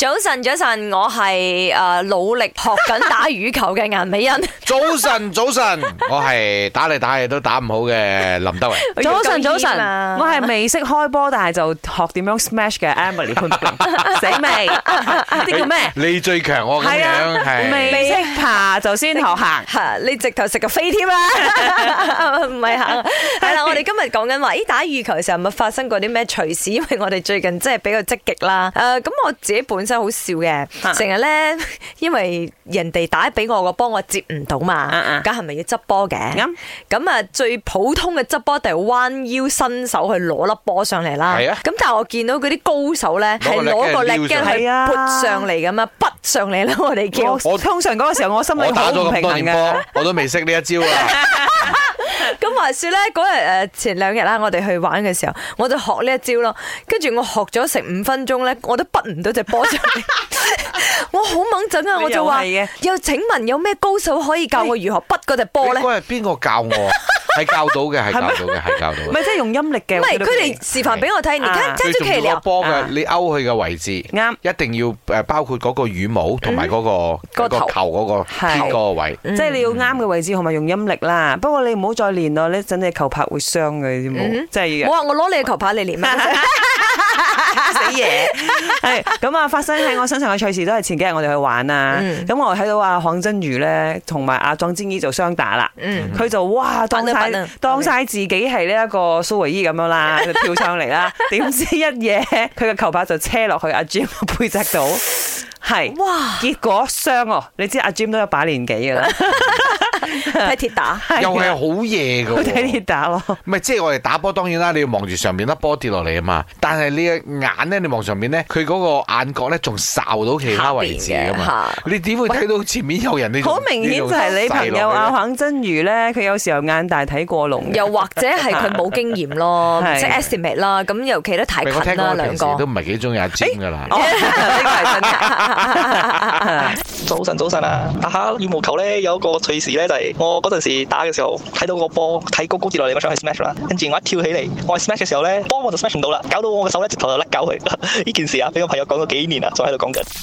早晨，早晨，我係誒、呃、努力學緊打羽球嘅顏美欣。早晨，早晨，我係打嚟打去都打唔好嘅林德維。早晨， 早晨，我係未識開波，但係就學點樣 smash 嘅 Emily。死未 誰？啲叫咩？你最強我咁樣係、 啊啊、未？識未爬就先學行，吓行 你直頭食個飛添啦？唔係行。係啦、 啊，我哋今日講緊話，咦打羽球嘅時候咪發生過啲咩趣事？因為我哋最近即係比較積極啦。誒、 啊，咁、啊啊、我自己本身。真係好笑嘅，成日咧，因為人哋打俾我個波，我接唔到嘛，咁係咪要執波嘅？咁啊，係係啊，最普通嘅執波就係彎腰伸手去攞粒波上嚟啦。咁、啊、但係我見到嗰啲高手咧，係攞個力嘅，係啊，撲上嚟咁樣，撲上嚟啦！我哋叫，我通常嗰個時候，我心裏平衡，我打咗咁多年波，我都未識呢一招啊。 咁話說咧，嗰日誒前兩日啦，我哋去玩嘅時候，我就學呢一招咯。跟住，我學咗成五分鐘咧，我都撥唔到隻波出嚟。 我好掹準啊！我就話，又請問有咩高手可以教我如何撥嗰隻波咧？嗰日邊個教我？ 係教到嘅，係教到嘅，係教到嘅。唔係即係用音力嘅。喂，佢哋示範俾我睇，而家詹卓奇，你我波嘅，你勾佢嘅位置啱，一定要誒包括嗰個羽毛同埋嗰個個球嗰個，係個位，即係你要啱嘅位置同埋用音力啦。不過你唔好再練咯，你陣你球拍會傷嘅，你知冇，真係要。我話我攞你嘅球拍嚟練咩。 死嘢！係咁啊，發生喺我身上嘅趣事都係前幾日我哋去玩啊。咁、嗯、我睇到阿黃真如咧同埋阿莊晶醫就雙打啦。嗯，佢就哇當晒當晒自己係呢一個蘇維依咁樣啦，就跳上嚟啦。點、嗯、 知一嘢，佢嘅球拍就車落去阿 Jim 背脊度。 係是哇，結果傷哦！你知阿 Jim 都有把年紀嘅啦，睇鐵 打，的又係好夜嘅睇鐵打咯。唔係，即係我哋打波，當然啦，你要望住上面粒波跌落嚟啊嘛。但係你眼咧，你望上面咧，佢嗰個眼角咧，仲睄到其他位置啊嘛。你點會睇到前面有人呢？好是明顯就係你朋友阿肯真如咧，佢有時候眼大睇過龍， 又或者係佢冇經驗咯，唔識 estimate 啦。咁的尤其咧睇波啦，兩個都唔係幾中意阿 Jim 噶啦。 早晨，早晨啊！打下羽毛球咧，有一個趣事咧，就係、是、我嗰陣時打嘅時候，睇到個波睇高高跌落嚟，我想去 smash 啦，跟住我一跳起嚟，我係 smash 嘅時候咧，波我就 smash 唔到啦，搞到我嘅手咧，直頭就甩搞佢。呢 件事啊，俾我朋友講咗幾年啦，仲喺度講緊。